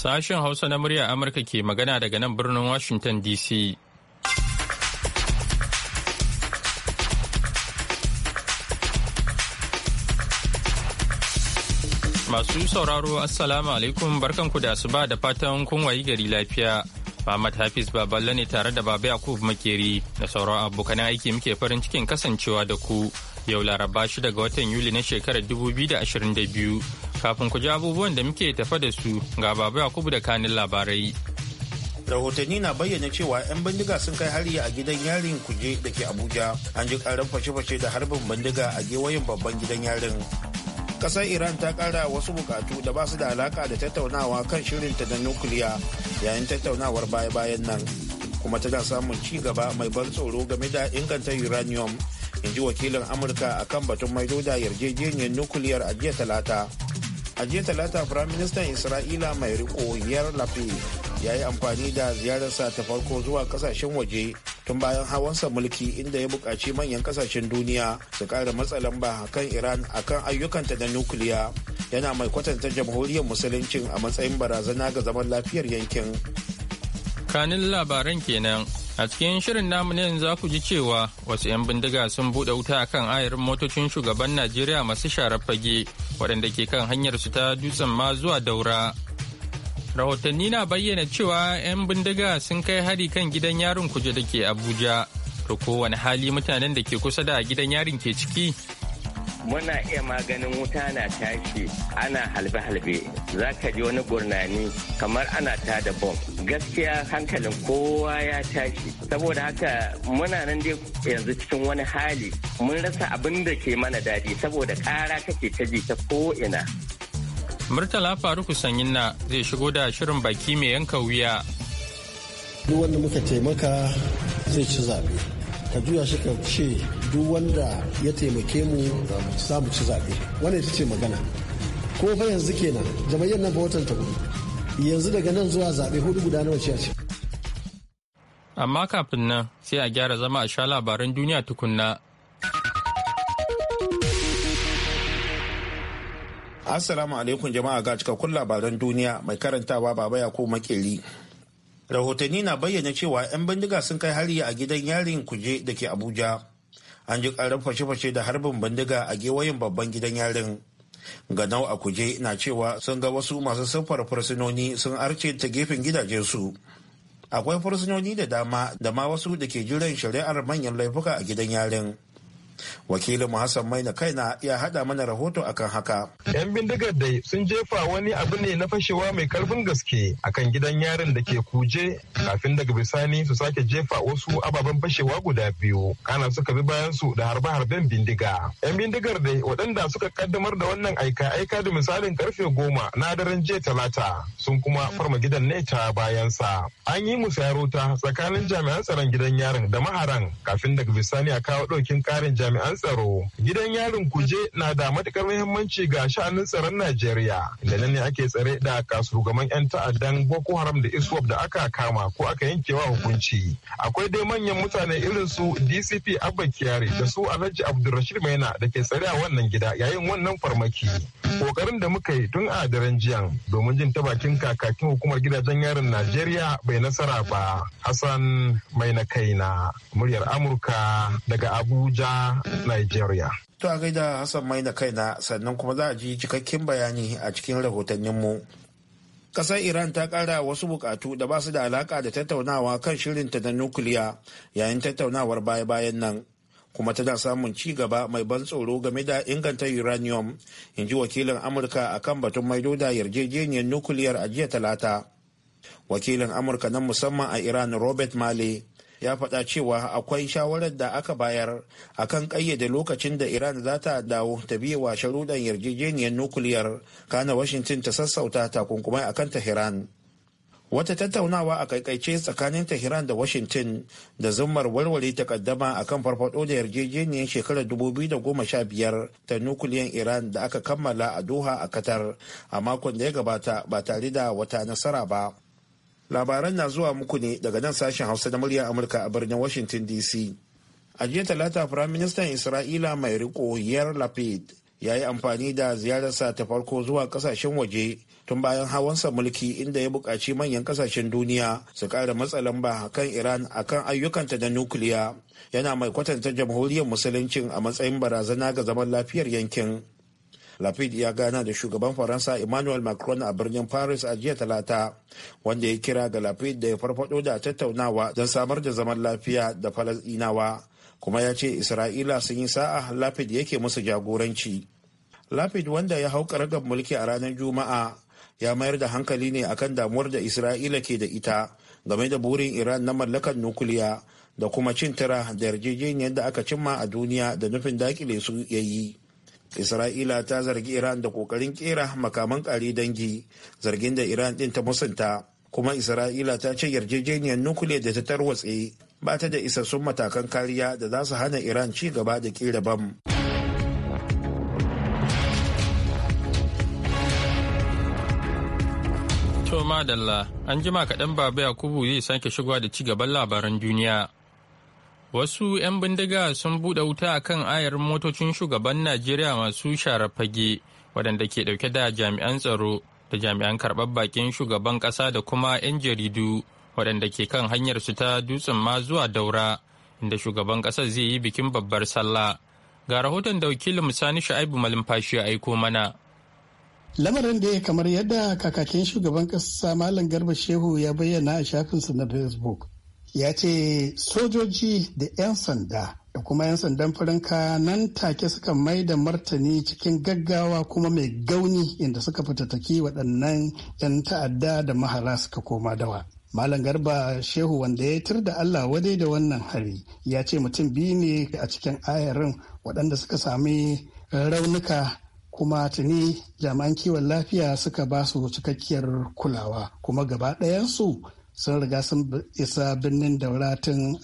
Sashen Hausa na murya Amurka ke magana daga nan birnin Washington DC. Masu sauraro Assalamu alaikum barkanku da asuba da fatan kun wayi gari lafiya. Muhammad Hafiz Baballe ne tare da Baba Yakub Makeri da sauran abokanan aiki muke farin cikin kasancewa da ku yau Laraba 6 ga watan Yuli na shekarar 2022. Kafin ku ji abubuwan da muke tafa da su ga babu Yakubu da kanin labarai. Rahotanni na bayyana cewa 'yan bindiga sun kai hari a gidan yarin kuje da ke Abuja. An ji karan fashe-fashe da harbin bindiga a gewayen babban gidan yarin. Kasar Iran ta kara wasu bukatu da ba su da alaka da tattaunawa kan shirinta na nukiliya yayin tattaunawar baya-bayan nan. kuma tana samun ci gaba mai ban tsoro game da inganta uranium in ji wakilin amurka a kan batun maido da yarjejeniyar nukiliyar a jiya talata a jiya talata firaministan isra'ila mai riko yar lafi ya yi amfani da ziyararsa ta farko zuwa kasashen waje tun bayan hawansa mulki inda ya buƙaci manyan kasashen duniya su ƙara matsa lamba kan iran akan ayyukanta na nukiliya yana mai kwatanta jamhuriyar musulunci a matsayin barazana ga zaman lafiyar yankin kanin labaran kenan a cikin shirin namu ne za ku ji cewa wasu 'yan bindiga sun buɗe wuta kan ayarin motocin shugaban najeriya masu sharar fage waɗanda ke kan hanyar su ta dutsen ma zuwa daura rahotanni na bayyana cewa 'yan bindiga sun kai hari kan gidan yarin kuje da ke abuja da kowane hali mutanen da ke kusa da gidan yarin ke ciki muna iya maganin wuta na tashi ana halbe-halbe za ka ji wani gurnani kamar ana ta da bom gaskiya hankalin kowa ya tashi saboda haka muna nan dai yanzu cikin wani hali mun rasa abin da ke mana daɗi saboda ƙara kake ta ji ta ko'ina murtala faruku sanyin zai shigo da shirin baki mai yanka wuya duk wanda muka taimaka zai ci zaɓe ka juya shi ka ce duk wanda ya taimake mu za mu ci zaɓe wani ita ce magana ko fa yanzu kenan jama'iyyar nan fa watan ta kudu yanzu daga nan zuwa zaɓe hudu guda nawa ce ce. amma kafin nan sai a gyara zama a sha labaran duniya tukunna. Assalamu alaikum jama'a ga cikakkun labaran duniya mai karantawa baba ya ko makeri. Rahotanni na bayyana cewa 'yan bindiga sun kai hari a gidan yarin kuje da ke Abuja an ji karar fashe-fashe da harbin bindiga a gewayen babban gidan yarin ganau a kuje na cewa sun ga wasu masu siffar fursunoni sun arce ta gefen gidajensu akwai fursunoni da dama da ma wasu da ke jiran shari'ar manyan laifuka a gidan yarin wakilin hassan maina kaina ya hada mana rahoto akan haka yan bindigar dai sun jefa wani abu ne na fashewa mai karfin gaske akan gidan yarin da ke kuje kafin daga bisani su sake jefa wasu ababen fashewa guda biyu kana suka bi bayan su da harbe-harben bindiga yan bindigar dai waɗanda suka kaddamar da wannan aika-aika da misalin karfe goma na daren jiya talata sun kuma farma gidan ne ta bayansa an yi musayarota tsakanin jami'an tsaron gidan yarin da maharan kafin daga bisani a kawo ɗaukin ƙarin jami'an jami'an tsaro gidan yarin kuje na da matukar muhimmanci ga sha'anin tsaron najeriya da nan ne ake tsare da kasurugaman 'yan ta'addan boko haram da iswap da aka kama ko aka yankewa hukunci akwai dai manyan mutane irin su dcp abba kyari da su alhaji abdulrashid maina da ke tsare a wannan gida yayin wannan farmaki kokarin da muka yi tun a daren jiyan domin jin ta bakin kakakin hukumar gidajen yarin najeriya bai nasara ba hassan mai na kaina muryar amurka daga abuja Nigeria. To a gaida Hassan mai da kaina sannan kuma za a ji cikakken bayani a cikin rahotanninmu. Kasar Iran ta ƙara wasu bukatu da ba su da alaka da tattaunawa kan shirinta na nukiliya yayin tattaunawar baya-bayan nan. kuma tana samun ci gaba mai ban tsoro game da inganta uranium in ji wakilin amurka a kan batun maido da yarjejeniyar nukiliyar a jiya talata wakilin amurka na musamman a iran robert malley. ya faɗa cewa akwai shawarar da aka bayar a kan ƙayyade lokacin da iran za ta dawo ta biye wa sharuɗan yarjejeniyar nukuliyar kana washington ta sassauta takunkumai a kan tehran wata tattaunawa a kaikaice tsakanin tehran da washington da zummar warware takaddama kan farfado da yarjejeniyar shekarar 2015 ta nukuliyar iran da aka kammala a doha a qatar a makon da ya gabata ba tare da wata nasara ba labaran na zuwa muku ne daga nan sashen hausa na murya amurka a birnin washington dc a jiya talata firaministan isra'ila mai riko yar lapid ya yi amfani da ziyararsa ta farko zuwa kasashen waje tun bayan hawansa mulki inda ya buƙaci manyan kasashen duniya su ƙara matsa lamba kan iran akan ayyukanta na nukiliya yana mai kwatanta jamhuriyar musuluncin a matsayin barazana ga zaman lafiyar yankin Lapid ya gana da shugaban Faransa Emmanuel Macron a birnin Paris a jiya Talata, wanda ya kira ga Lapid da ya farfado da tattaunawa don samar da zaman lafiya da Falasɗinawa, kuma ya ce Isra'ila sun yi sa'a Lapid yake musu jagoranci. Lapid wanda ya hau ragar mulki a ranar Juma'a ya mayar da hankali ne akan damuwar da Isra'ila ke da ita game da burin Iran na mallakar nukuliya da kuma cin tara da yarjejeniyar da aka cimma a duniya da nufin dakile su yayi. Isra'ila ta zargi Iran da kokarin kera makaman kare dangi zargin da Iran din ta musanta kuma Isra'ila ta ce yarjejeniyar nukiliya da ta tarwatse ba ta da isassun matakan kariya da za su hana Iran ci gaba da kera bam. To madalla, an jima kaɗan babu Yakubu zai sake shigowa da ci gaban labaran duniya. Wasu 'yan bindiga sun buɗe wuta a kan ayar motocin shugaban Najeriya masu shara fage waɗanda ke ɗauke da jami'an tsaro da jami'an karɓar bakin shugaban ƙasa da kuma 'yan jaridu waɗanda ke kan hanyar su ta dutsen ma zuwa daura inda shugaban ƙasar zai yi bikin babbar sallah. Ga rahoton da wakilin Sani Sha'ibu Malumfashi ya aiko mana. lamarin da ya kamar yadda kakakin shugaban ƙasa malam garba shehu ya bayyana a shafinsa na facebook ya ce sojoji da 'yan sanda da kuma 'yan sandan farin kaya nan take suka mai da martani cikin gaggawa kuma mai gauni inda suka fitattaki waɗannan 'yan ta'adda da mahara suka koma dawa. Malam Garba Shehu wanda ya tur da Allah wadai da wannan hari ya ce mutum biyu ne a cikin ayarin waɗanda suka sami raunuka kuma tuni jami'an kiwon lafiya suka ba su cikakkiyar kulawa kuma gaba ɗayansu sun riga sun isa birnin daura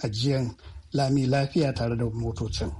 ajiyan lami lafiya tare da motocin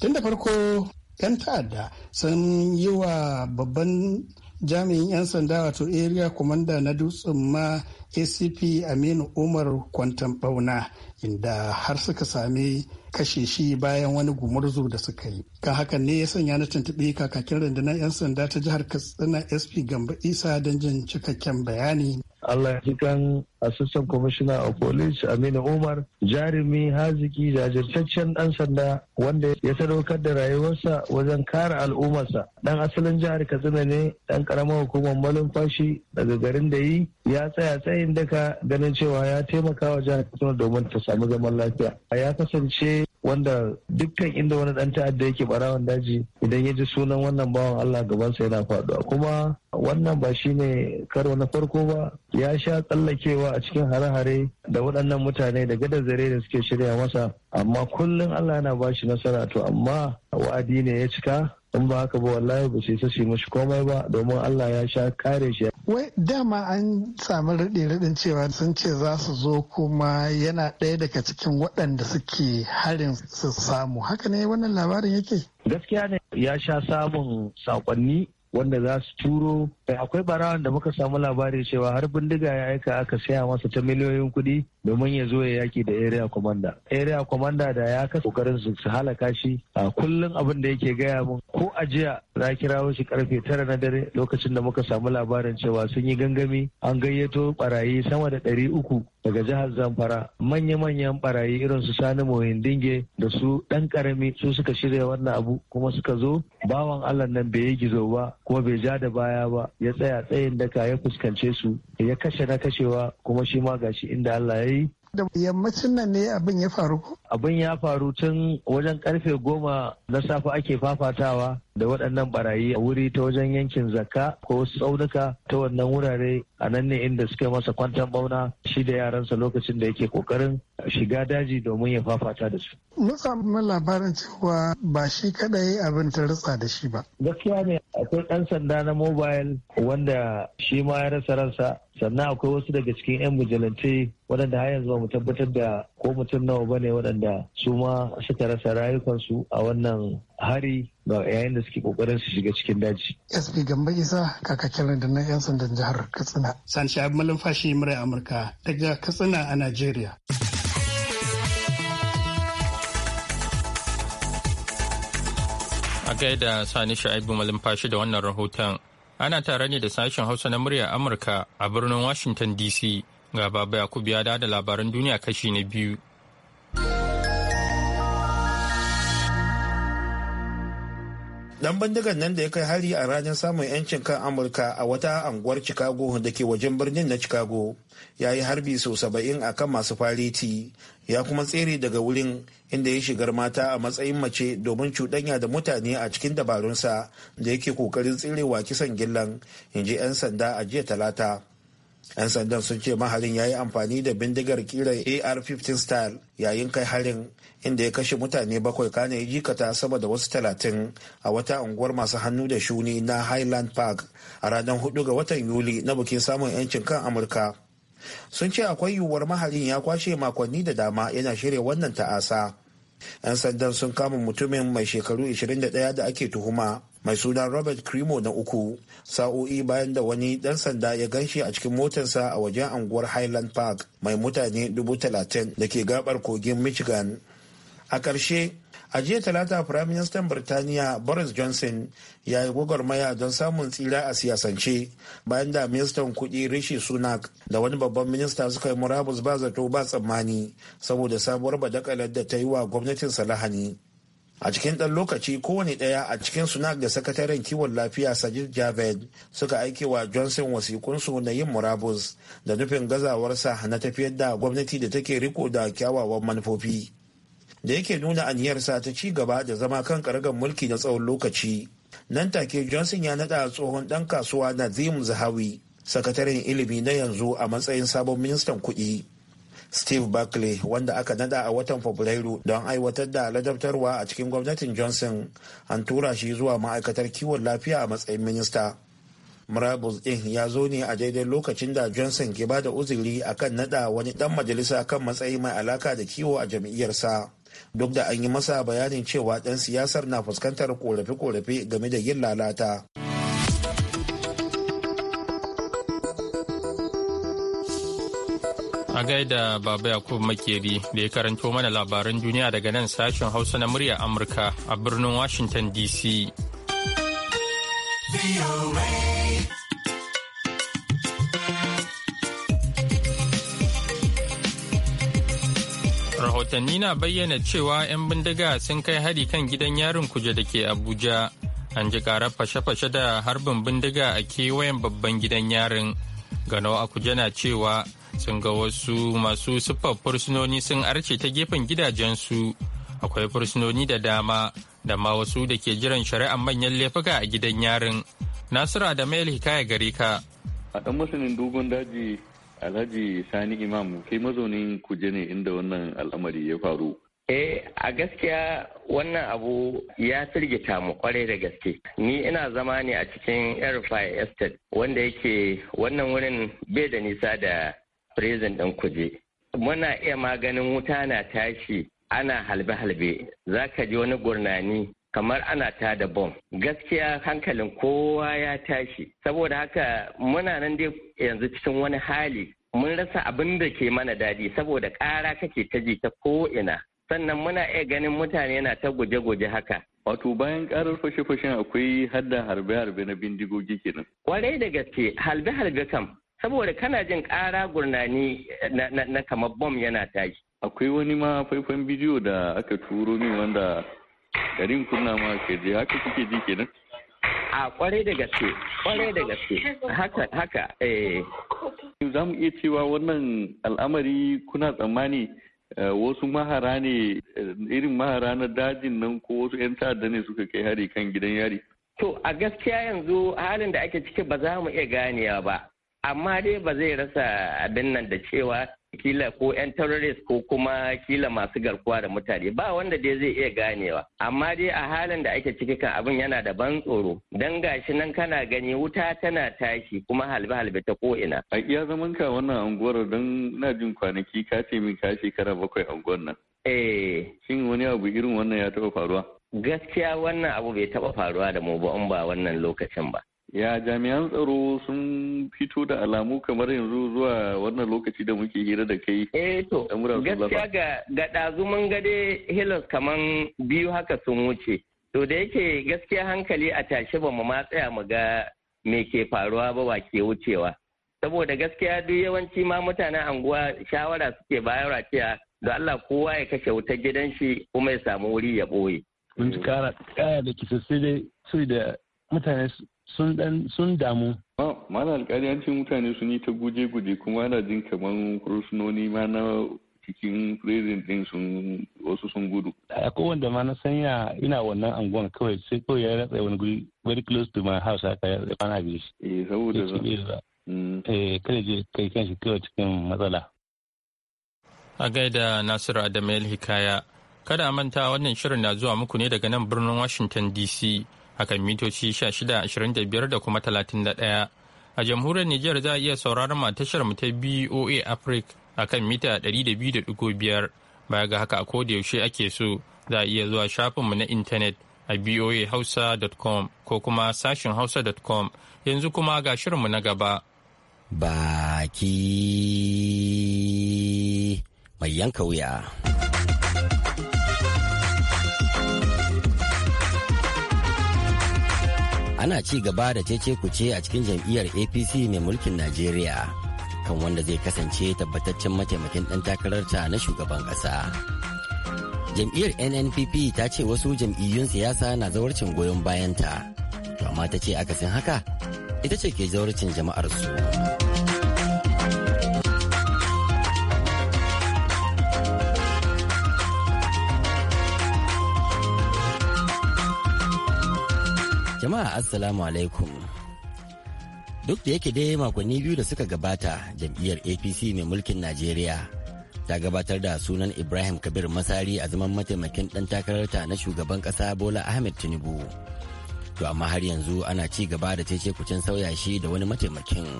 tun da farko 'yan ta'adda sun yi wa babban jami'in 'yan sanda wato area commander na dutsen ma acp aminu umar kwantan bauna inda har suka sami kashe shi bayan wani gumurzu da suka yi kan haka ne ya sanya na tuntuɓi kakakin rundunar 'yan sanda ta jihar katsina sp gamba isa don jin cikakken bayani Allah ya ji kan Assistant Commissioner of Police Aminu Umar jarumi haziki jajirtaccen dan sanda wanda ya sadaukar da rayuwarsa wajen kare al'ummarsa dan asalin jihar Katsina ne dan karamar hukumar Fashi daga garin da yi ya tsaya tsayin daka ganin cewa ya taimaka wa jihar Katsina domin ta samu zaman lafiya ya kasance wanda dukkan inda wani dan ta'adda yake barawan daji idan ya ji sunan wannan bawan Allah gabansa yana faduwa kuma wannan ba shine karo na farko ba ya sha tsallakewa a cikin hare-hare da waɗannan mutane da gadar zare da suke shirya masa amma kullum Allah yana ba shi nasara to amma wa'adi ne ya cika in ba haka ba wallahi ba sai sashi mashi komai ba domin Allah ya sha kare shi wai dama an samu rade raɗin cewa sun ce za su zo kuma yana ɗaya daga cikin waɗanda suke harin su samu haka ne wannan labarin yake gaskiya ne ya sha samun sakonni wanda za su turo eh, akwai barawan da muka samu labari cewa har bindiga ya aika aka saya masa ta miliyoyin kuɗi domin ya zo ya yaki da area commander area commander da ya kasa kokarin su halaka shi a kullum abin da yake gaya mun ko a jiya na kira shi karfe tara na dare lokacin da muka samu labarin cewa sun yi gangami an gayyato barayi sama da ɗari uku daga jihar zamfara manya-manyan barayi irin su sani mohin dinge da su dan karami su suka shirya wannan abu kuma suka zo bawan allah nan bai yi gizo ba kuma bai ja da baya ba ya tsaya tsayin daka ya fuskance su ya kashe na kashewa kuma shi ma gashi inda allah ya yi yammacin nan ne abin ya faru abin ya faru tun wajen karfe goma na safe ake fafatawa da waɗannan barayi a wuri ta wajen yankin zakka ko wasu tsaunuka ta wannan wurare a nan ne inda suka masa kwantan bauna shi da yaransa lokacin da yake kokarin shiga daji domin ya fafata da su. Mun samu labarin cewa ba shi kadai abin ta rutsa da shi ba. Gaskiya ne akwai ɗan sanda na mobile wanda shi ma ya rasa ransa sannan akwai wasu daga cikin 'yan mujalance waɗanda har yanzu ba mu tabbatar da ko mutum nawa ba ne waɗanda waɗanda su ma suka rasa rayukansu a wannan hari ga yayin da suke kokarin su shiga cikin daji. SP Gamba Isa kakakin na 'yan sandan jihar Katsina. San Shahab Malumfashi Murai Amurka daga Katsina a Najeriya. A gaida Sani Sha'ibu Malumfashi da wannan rahoton ana tare ne da sashen Hausa na murya Amurka a birnin Washington DC ga Baba Yakubu ya da labaran duniya kashi na biyu. dan bindigar nan da ya kai hari a ranar samun 'yancin kan amurka a wata anguwar chicago da ke wajen birnin na chicago ya yi harbi sau saba'in a kan masu faliti ya kuma tsere daga wurin inda ya shigar mata a matsayin mace domin cuɗanya da mutane a cikin dabarunsa da yake kokarin tserewa kisan gillan in ji 'yan sanda a jiya talata 'yan sandan sun ce maharin ya yi amfani da bindigar kiran ar-15 style yayin kai harin inda ya kashe mutane bakwai kane ya jikata sama da wasu talatin a wata unguwar masu hannu da shuni na highland park a ranar hudu ga watan yuli na bukin samun 'yancin kan amurka sun ce akwai yiwuwar maharin ya kwashe makonni da dama yana shirya wannan ta'asa 'yan sandan sun kama mutumin mai shekaru 21 da ake tuhuma mai suna robert crimo na uku sa'o'i bayan da wani dan sanda ya ganshi a cikin motarsa a wajen anguwar highland park mai mutane 30,000 da ke gabar kogin michigan a ƙarshe a jiya talata firaministan birtaniya boris johnson ya yi gwagwarmaya don samun tsira a siyasance bayan da ministan kudi rishi sunak da wani babban minista suka yi murabus ba zato ba tsammani saboda sabuwar badakalar da ta yi wa gwamnatin lahani. a cikin ɗan lokaci kowane ɗaya a cikin sunak da sakataren kiwon lafiya sajid javed suka aike wa johnson wasikunsu na yin murabus da nufin gazawarsa na tafiyar da gwamnati da take riko da kyawawan manufofi da yake nuna aniyarsa ta ci gaba da zama kan karagar mulki na tsawon lokaci nan take johnson ya nada tsohon dan kasuwa na zim zahawi sakataren ilimi na yanzu a matsayin sabon ministan kuɗi steve buckley wanda aka nada a watan fabrairu don aiwatar da ladabtarwa a cikin gwamnatin johnson an tura shi zuwa ma'aikatar kiwon lafiya a matsayin minista murabus din ya zo ne a daidai lokacin da johnson ke ba da uzuri akan nada wani dan majalisa kan matsayi mai alaka da kiwo a jam'iyyarsa duk da an yi masa bayanin cewa ɗan siyasar na fuskantar korafe-korafe game da yin lalata. A gaida Baba Yakub Makeri da ya karanto mana labaran duniya daga nan sashen Hausa na murya Amurka a birnin Washington DC. rahotanni na bayyana cewa 'yan bindiga sun kai hari kan gidan yarin kuje da ke abuja an ji karar fashe-fashe da harbin bindiga a kewayen babban gidan yarin gano kuje na cewa sun ga wasu masu siffar fursunoni sun arce ta gefen gidajensu akwai fursunoni da dama da ma wasu da ke jiran shari'ar manyan laifuka a gidan yarin nasira da mail hikaya gare ka a ɗan masanin dogon daji Alhaji Sani Imam kai mazaunin kuje ne inda wannan al'amari ya faru. Eh a gaskiya wannan abu ya firgita mu kwarai da gaske. Ni ina zama ne a cikin Erfai Estate wanda yake wannan wurin bai da nisa da prison ɗin kuje. Muna iya maganin wuta na tashi ana halbe-halbe za ka ji wani gurnani kamar ana ta da bom gaskiya hankalin kowa ya tashi saboda haka muna nan dai yanzu cikin wani hali mun rasa abin da ke mana daɗi saboda ƙara kake ta ji ta ko'ina sannan muna iya ganin mutane na ta guje-guje haka Wato bayan karar fashe-fashen akwai hadda harbe-harbe na bindigogi kenan. Kwarai da gaske harbe-harbe kam saboda kana jin kara gurnani na, kamar bom yana tashi. Akwai wani ma faifan bidiyo da aka turo min wanda garin kunna ma ka je haka kuke ji kenan a kware da gaske kware da gaske haka haka eh za mu iya cewa wannan al'amari kuna tsammani eh, wasu mahara ne eh, irin mahara na dajin nan ko wasu 'yan ta'adda ne suka kai hari kan gidan yari to a gaskiya yanzu halin da ake ciki ba za mu iya ganewa ba amma dai ba zai rasa abin nan da cewa kila ko 'yan terrorist ko kuma kila masu garkuwa da mutane ba wanda dai zai iya ganewa amma dai a halin da ake ciki kan abin yana da ban tsoro dan gashi nan kana gani wuta tana tashi kuma halbe halbe ta ko ina a iya zaman ka wannan anguwar don na jin kwanaki ka ce min ka shekara bakwai anguwar nan eh shin wani abu irin wannan ya taba faruwa gaskiya wannan abu bai taba faruwa da mu ba in ba wannan lokacin ba ya jami'an tsaro sun fito da alamu kamar yanzu zuwa wannan lokaci da muke hira da kai eh to gaskiya ga ga dazu mun ga biyu haka sun wuce to da yake gaskiya hankali a tashi ba mu matsaya tsaya mu ga me ke faruwa ba wa ke wucewa saboda gaskiya duk yawanci ma mutanen anguwa shawara suke bayarwa cewa da Allah kowa ya kashe wutar gidan shi kuma ya samu wuri ya ɓoye. Mun kara kara da kisa sai dai su da mutane sun damu mana alkali an ce mutane sun yi ta guje-guje kuma ana jin kamar kursunoni ma na cikin prison din sun wasu sun gudu. A kowanda ma na sanya ina wannan anguwan kawai sai kawai ya ratsa wani guri very close to my house haka ya zai kwana biyu. Eh saboda za. Mm. Eh kada je kai kanshi kawai cikin matsala. A gaida Nasiru Adamu Hikaya. Kada a manta wannan shirin na zuwa muku ne daga nan birnin Washington DC. akan mitoci 1625 da kuma 31. A jamhuriyar Nijar za a iya sauraron ma tashar mu ta BOA Africa a kan mita 200.5 baya ga haka a koda yaushe ake so za a iya zuwa shafinmu na intanet a boahausa.com ko kuma sashin hausa.com yanzu kuma ga shirinmu na gaba. Baki mai yanka wuya. ana ci gaba da cece ce a cikin jam'iyyar apc mai mulkin najeriya kan wanda zai kasance tabbataccen mataimakin ɗan takararta na shugaban ƙasa jam'iyyar nnpp ta ce wasu jam'iyyun siyasa na zawarcin goyon bayanta to amma ta ce akasin haka ita ce ke zawarcin jama'ar su. Jama'a Assalamu alaikum. Duk da yake dai makonni biyu da suka gabata jam'iyyar APC mai mulkin Najeriya ta gabatar da sunan Ibrahim Kabir Masari a zaman mataimakin ɗan takararta na shugaban ƙasa Bola Ahmed Tinubu. To amma har yanzu ana ci gaba da cece kucin sauya shi da wani mataimakin.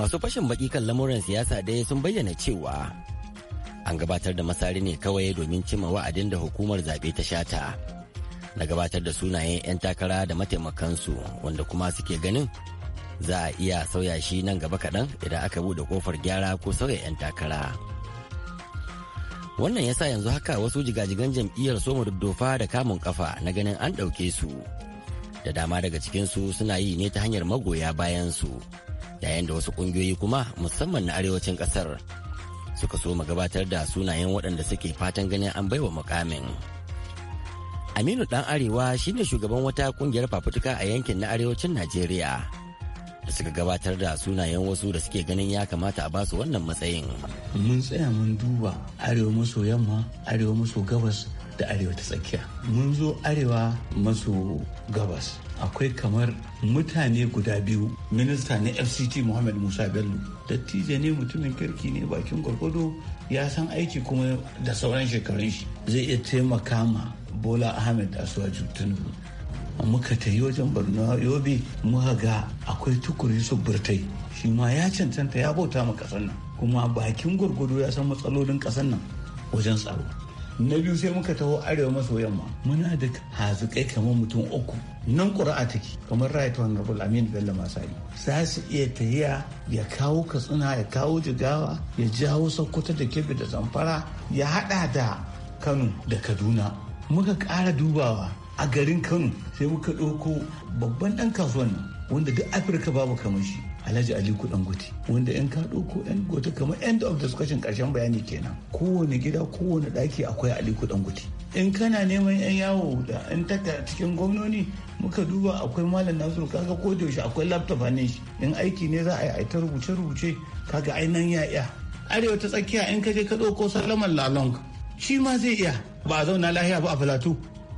Masu fashin baki kan lamuran siyasa dai sun bayyana cewa an gabatar da masari ne kawai domin cimma wa'adin da hukumar zaɓe ta shata. na gabatar da sunayen 'yan takara da mataimakansu wanda kuma suke ganin za a iya sauya shi nan gaba kaɗan idan aka buɗe kofar gyara ko sauya 'yan takara. Wannan yasa yanzu haka wasu jigajigan jam'iyyar soma dofa da kamun kafa na ganin an ɗauke su. Da dama daga cikinsu suna yi ne ta hanyar magoya bayan su. Yayin da wasu ƙungiyoyi kuma musamman na arewacin ƙasar suka so gabatar da sunayen waɗanda suke fatan ganin an baiwa mukamin. aminu dan arewa shine shugaban wata kungiyar fafutuka a yankin na arewacin najeriya da suka gabatar da sunayen wasu da suke ganin ya kamata a basu wannan matsayin mun tsaya mun duba arewa maso yamma arewa maso gabas da arewa ta tsakiya mun zo arewa maso gabas akwai kamar mutane guda biyu minista na fct muhammad musa bello dattijo ne mutumin kirki ne bakin gwargwado ya san aiki kuma da sauran shekarun shi zai iya taimaka ma bola ahmed asuwaju tinubu muka ta yi wajen borno yobe muka ga akwai tukur su birtai shi ma ya cancanta ya bauta ma kasan nan kuma bakin gwargwado ya san matsalolin kasan nan wajen tsaro na biyu sai muka taho arewa maso yamma muna da hazikai kamar mutum uku nan ƙuri'a take kamar right honorable amin bello masari za su iya tahiya ya kawo katsina ya kawo jigawa ya jawo sokoto da kebbi da zamfara ya haɗa da kano da kaduna muka ƙara dubawa a garin kano sai muka ɗauko babban ɗan kasuwan wanda duk afirka babu kamar shi alhaji aliku dangote wanda yan ka ɗauko yan gote kamar end of discussion ƙarshen bayani kenan kowane gida kowane ɗaki akwai aliku dangote in kana neman yan yawo da yan taka cikin gwamnoni muka duba akwai malam nasiru kaga ko da yaushe akwai laptop a shi in aiki ne za a yi ta rubuce rubuce kaga ainihin ya iya arewa ta tsakiya in ka je ka ɗauko sallaman lalong shi ma zai iya ba a zauna lahiya ba a falatu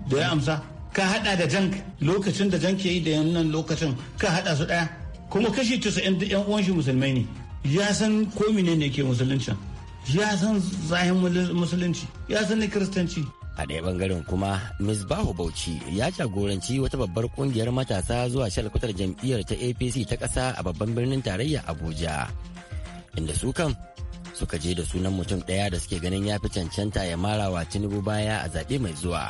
da ya amsa ka hada da jank lokacin da jank ya yi da yannan lokacin ka hada su daya kuma kashi 90 yan uwan shi musulmai ne ya san ko ne ke musuluncin ya san zahin musulunci ya san ne kiristanci a ɗaya bangaren kuma ms baho bauchi ya jagoranci wata babbar kungiyar matasa zuwa shalkutar jam'iyyar ta apc ta ƙasa a babban birnin tarayya abuja inda su kan suka je da sunan mutum ɗaya da suke ganin ya fi cancanta ya marawa tinubu baya a zaɓe mai zuwa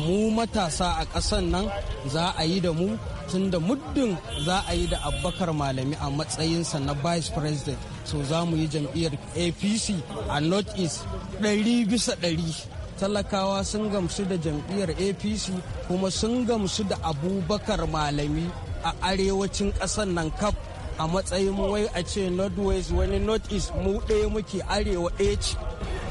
mu matasa a ƙasan nan za a yi da mu tun da muddin za a yi da abubakar malami a matsayinsa na vice president so za mu yi jam'iyyar apc a north east ɗari bisa ɗari talakawa sun gamsu da jam'iyyar apc kuma sun gamsu da abubakar malami a arewacin ƙasar nan kaf a matsayin wai a ce northwest wani northeast mu ɗaya muke arewa ɗaya ce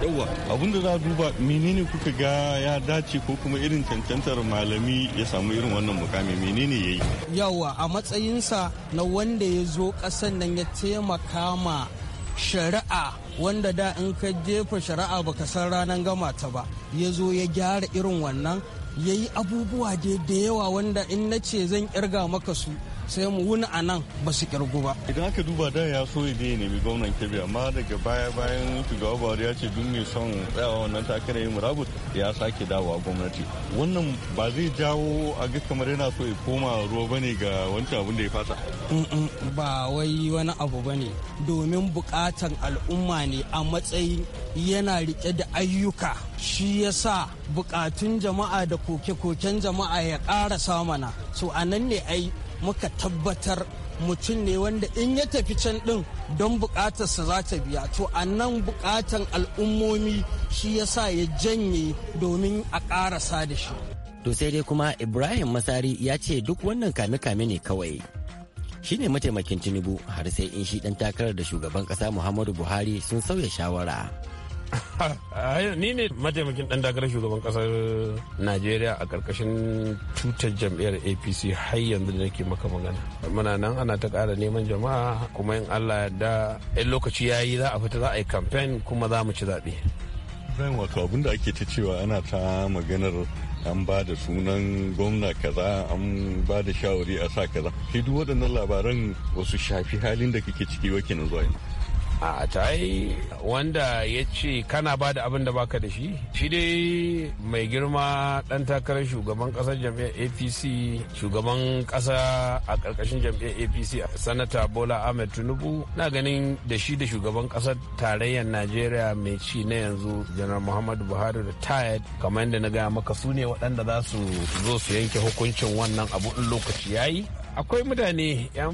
yawa abinda za a duba menene kuka ga ya dace ko kuma irin cancantar malami ya samu irin wannan mukami menene ya yi yawa a matsayinsa na wanda ya zo ƙasan nan ya taimaka ma shari'a wanda da in ka jefa shari'a baka san ranar gama ta ba ya zo ya gyara irin wannan ya yi abubuwa da yawa wanda in na ce zan kirga maka su sai mu wuni a nan ba su kirgu ba. Idan aka duba da ya so ya ya nemi gwamnan Kebbi amma daga baya bayan shugaba Buhari ya ce duk mai son tsayawa wannan takarar yin murabut ya sake dawowa gwamnati. Wannan ba zai jawo a ga kamar yana so ya koma ruwa ba ne ga wancan abin da ya fasa. Ba wai wani abu ba ne domin bukatan al'umma ne a matsayin yana rike da ayyuka shi ya sa bukatun jama'a da koke-koken jama'a ya kara samana. So a nan ne ai muka tabbatar mutum ne wanda in ya tafi can ɗin don buƙatarsa za ta biya to a nan buƙatan al'ummomi shi ya sa ya janye domin a ƙarasa da shi. To sai dai kuma Ibrahim Masari ya ce duk wannan kame-kame ne kawai. Shi ne mataimakin Tinubu har sai in shi ɗan takarar da shugaban ƙasa Muhammadu Buhari sun sauya shawara. ni ne mataimakin dan dakarar shugaban kasar najeriya a karkashin tutar jam'iyyar apc har yanzu da nake maka magana muna nan ana ta kara neman jama'a kuma in allah da in lokaci ya yi za a fita za a yi kamfen kuma za mu ci zaɓe zan wato abinda da ake ta cewa ana ta maganar an ba da sunan gwamna kaza an ba da shawari a sa kaza shi duk waɗannan labaran wasu shafi halin da kake ciki wakilin na zuwa yanzu a ta wanda ya ce kana ba da abin da baka da shi shi dai mai girma dan takarar shugaban kasar jam'iyyar apc shugaban kasa a karkashin jam'iyyar apc sanata bola ahmed tinubu na ganin da shi da shugaban kasar tarayyar najeriya mai ci na yanzu janar muhammadu buhari da tired kamar yadda na gaya maka su ne waɗanda za su zo su yanke hukuncin wannan abu in lokaci yayi akwai mutane yan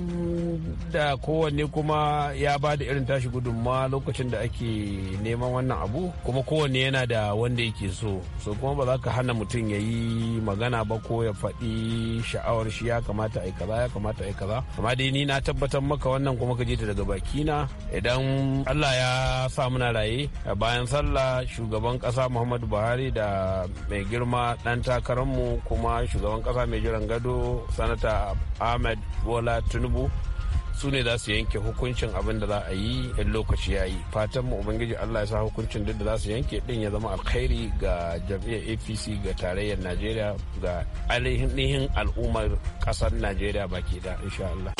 da kowanne kuma ya ba da irin tashi gudunmawa lokacin da ake neman wannan abu kuma kowanne yana da wanda yake so so kuma ba za ka hana mutum ya yi magana ba ko ya faɗi sha'awar shi ya kamata a yi kaza ya kamata a yi kaza amma dai ni na tabbatar maka wannan kuma ka je ta daga bakina idan Allah ya sa muna raye bayan sallah shugaban kasa Muhammadu Buhari da mai girma dan mu kuma shugaban kasa mai jiran gado sanata ahmed bola tinubu su ne za su yanke hukuncin abin da za a yi in lokaci ya yi fatan mu ubangiji allah ya sa hukuncin duk da za su yanke din ya zama alkhairi ga jam'iyyar apc ga tarayyar najeriya ga ainihin al'ummar kasar najeriya baki da insha allah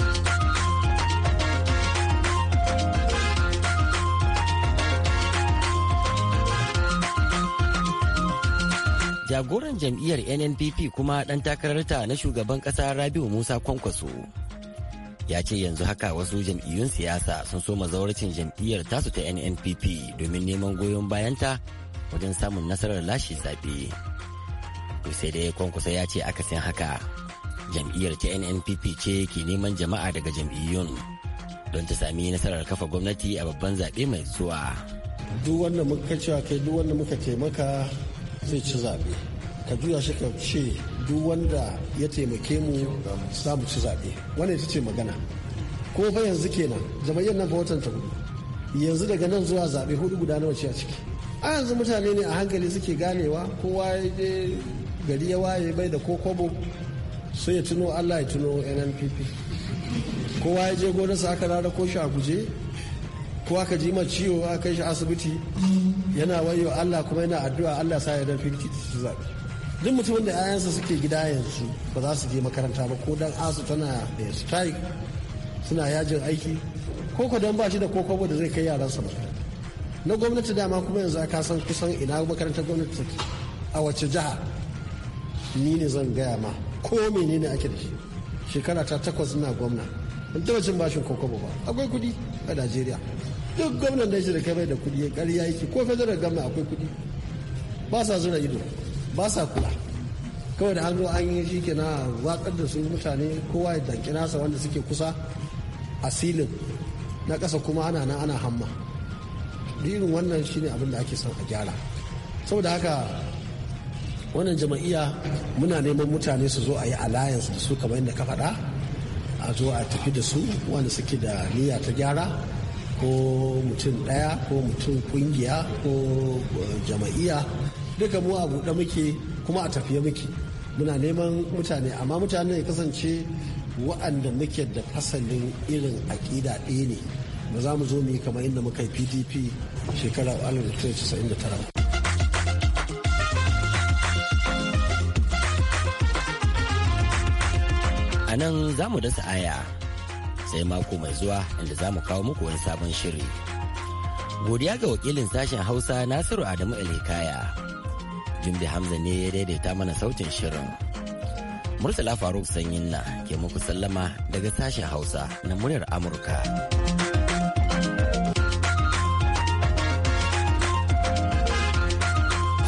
jagoran jam'iyyar nnpp kuma ɗan takararta na shugaban ƙasa rabiu musa kwankwaso ya ce yanzu haka wasu jam'iyyun siyasa sun so mazauracin jam'iyyar tasu ta nnpp domin neman goyon bayanta wajen samun nasarar lashe zaɓe sai dai Kwankwaso ya ce aka san haka jam'iyyar ta nnpp ce ke neman jama'a daga jam'iyyun don ta sami nasarar kafa gwamnati a babban zaɓe mai zuwa duk wanda muka cewa kai duk wanda muka taimaka zai ci zaɓe ka juya shi ka ce duk wanda ya taimake mu za mu ci zaɓe wannan ita ce magana ko fa yanzu kenan jama'iyyar nan fa watan ta hudu yanzu daga nan zuwa zaɓe hudu guda nawa ce a ciki a yanzu mutane ne a hankali suke ganewa kowa ya je gari ya waye bai da ko kwabo sai ya tuno allah ya tuno nnpp kowa ya je gonarsa aka rara ko shi a guje ko ka ji ma ciwo a kai shi asibiti yana wayo Allah kuma yana addu'a Allah sa ya dan fiti su zabe duk mutumin da 'ya'yansa suke gida yanzu ba za su je makaranta ba ko dan asu tana da strike suna yajin aiki ko ko dan ba da koko da zai kai yaransa ba na gwamnati dama kuma yanzu aka san kusan ina makarantar gwamnati take a wace jiha ni ne zan gaya ma ko menene ake da shi shekara ta takwas na gwamna ban taɓa bashin kokobo ba akwai kudi a najeriya duk gwamnan da shi da kai da kudi ƙarya yake ko da gwamna akwai kudi ba sa zura ido ba sa kula kawai da an zo an yi shi ke na watsar da su mutane kowa ya danki nasa wanda suke kusa a silin na ƙasa kuma ana nan ana hamma irin wannan shine abin da ake son a gyara saboda haka wannan jama'iya muna neman mutane su zo a yi alliance da su kamar yadda ka faɗa a zo a tafi da su wanda suke da niyya ta gyara ko mutum ɗaya ko mutum ƙungiya ko eh, jama'iya duka mu a buɗe muke kuma a tafiya muke muna neman mutane amma mutane ya kasance wa'anda muke da fasalin irin aƙida ɗaya ne ba za mu zo mu yi kamar inda muka yi pdp shekarar 1999 a nan za dasa aya sai mako mai zuwa inda za mu kawo muku wani sabon shiri. Godiya ga wakilin sashen Hausa Nasiru Adamu Elikaya. jimbi Hamza ne ya daidaita mana sautin shirin. Murtala Faruk Sanyin na ke muku sallama daga sashen Hausa na muryar Amurka.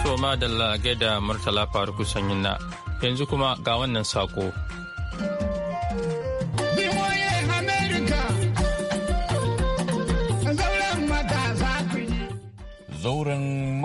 Soma da lage da Murtala Faruk Sanyin na yanzu kuma ga wannan sako.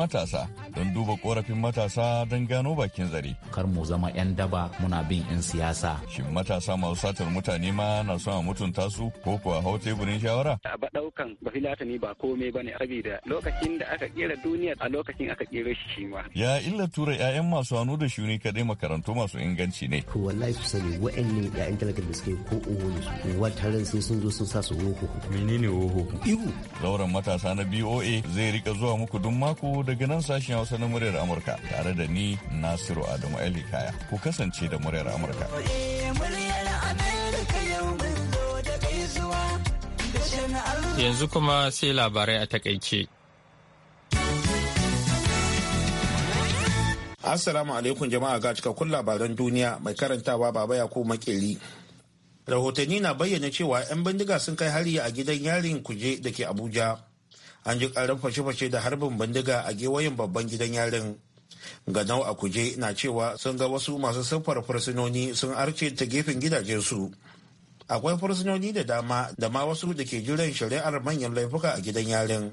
matasa don duba korafin matasa don gano bakin zare. Kar mu zama 'yan daba muna bin 'yan siyasa. Shin matasa masu satar mutane ma na son a mutunta su ko kuwa hau teburin shawara? A ba ɗaukan ba filatani ba kome ba ne saboda lokacin da aka kera duniya a lokacin aka kera shi shi ma. Ya illa tura 'ya'yan masu hannu da shuni kaɗai makarantu masu inganci ne. Ko wallahi su sani wa'annan 'ya'yan talakar da suke ko owo da su ran sai sun zo sun sa su woho. Menene woho? Ihu. Zauren matasa na BOA zai rika zuwa muku duk mako daga nan sashen Hausa na muryar Amurka tare da ni Nasiru Adamu Ali Kaya. Ku kasance da muryar Amurka. Yanzu kuma sai labarai a takaice. Assalamu alaikum jama'a ga cikakkun labaran duniya mai karantawa baba Yakubu Maƙeri. Rahotanni na bayyana cewa 'yan bindiga sun kai hari a gidan yarin kuje da ke Abuja. an ji karin fashe-fashe da harbin bindiga a gewayen babban gidan yarin ganau a kuje na cewa sun ga wasu masu siffar fursunoni sun arce ta gefen gidajensu akwai fursunoni da dama da ma wasu da ke jiran shari'ar manyan laifuka a gidan yarin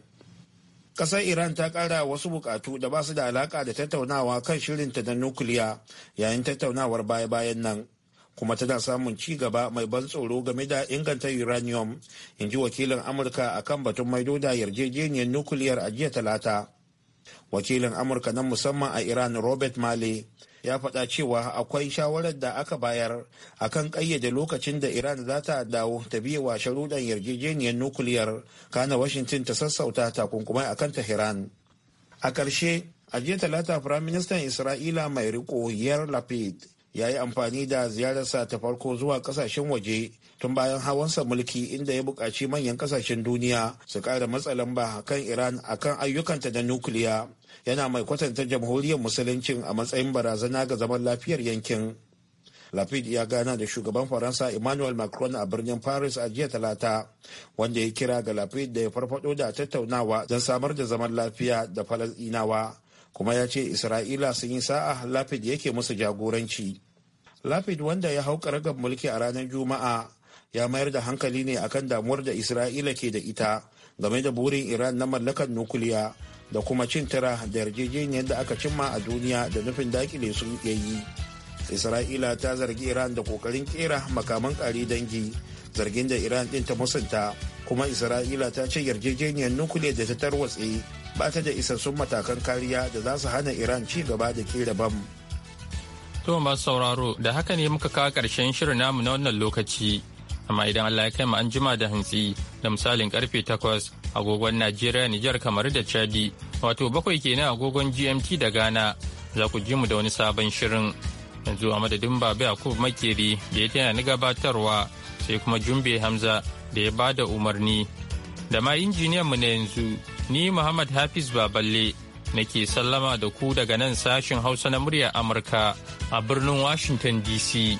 kasar Iran ta kara wasu bukatu da ba su da alaƙa da tattaunawa kan shirinta na nukiliya yayin tattaunawar baya-bayan nan. kuma tana samun ci gaba mai ban tsoro game da inganta uranium in ji wakilin amurka a kan batun maido da yarjejeniyar nukuliyar a jiya talata wakilin amurka na musamman a iran robert male ya faɗa cewa akwai shawarar da aka bayar a kan ƙayyade lokacin da iran za ta dawo ta biye wa sharuɗan yarjejeniyar nukuliyar kana washington ta sassauta takunkumai akan tehran a ƙarshe a jiya talata firaministan isra'ila mai riko yar lapid ya yi amfani da ziyararsa ta farko zuwa kasashen waje tun bayan hawansa mulki inda ya buƙaci manyan kasashen duniya su ƙara matsa lamba kan iran a akan ayyukanta na nukiliya yana mai kwatanta jamhuriyar musuluncin a matsayin barazana ga zaman lafiyar yankin lafid ya gana da shugaban faransa emmanuel macron a birnin paris a jiya talata wanda ya kira ga lafid da ya farfado da tattaunawa don samar da zaman lafiya da falasɗinawa kuma ya ce isra'ila sun yi sa'a lapid yake musu jagoranci Lapid wanda ya hau karagar mulki a ranar Juma'a ya mayar da hankali ne akan damuwar da Isra'ila ke da ita game da burin Iran na mallakar nukuliya da kuma cin tara da yarjejeniyar da aka cimma a duniya da nufin dakile sun iya yi. Isra'ila ta zargi Iran da kokarin kera makaman kare dangi zargin da Iran din ta musanta kuma Isra'ila ta ce yarjejeniyar nukuliya da ta tarwatse ba ta da isassun matakan kariya da za su hana Iran ci gaba da kera bam. To masu sauraro da haka ne muka kawo ƙarshen shirin namu na wannan lokaci. Amma idan Allah ya kai mu an jima da hantsi da misalin karfe takwas agogon Najeriya Nijar kamar da Chadi wato bakwai kenan agogon GMT da Ghana za ku ji mu da wani sabon shirin. Yanzu a madadin Babu Yakubu Makeri da ya tana ni gabatarwa sai kuma Jumbe Hamza da ya bada umarni. Da ma injiniyan mu na yanzu ni Muhammad Hafiz Baballe nake sallama da ku daga nan sashin Hausa na muryar Amurka a birnin Washington DC.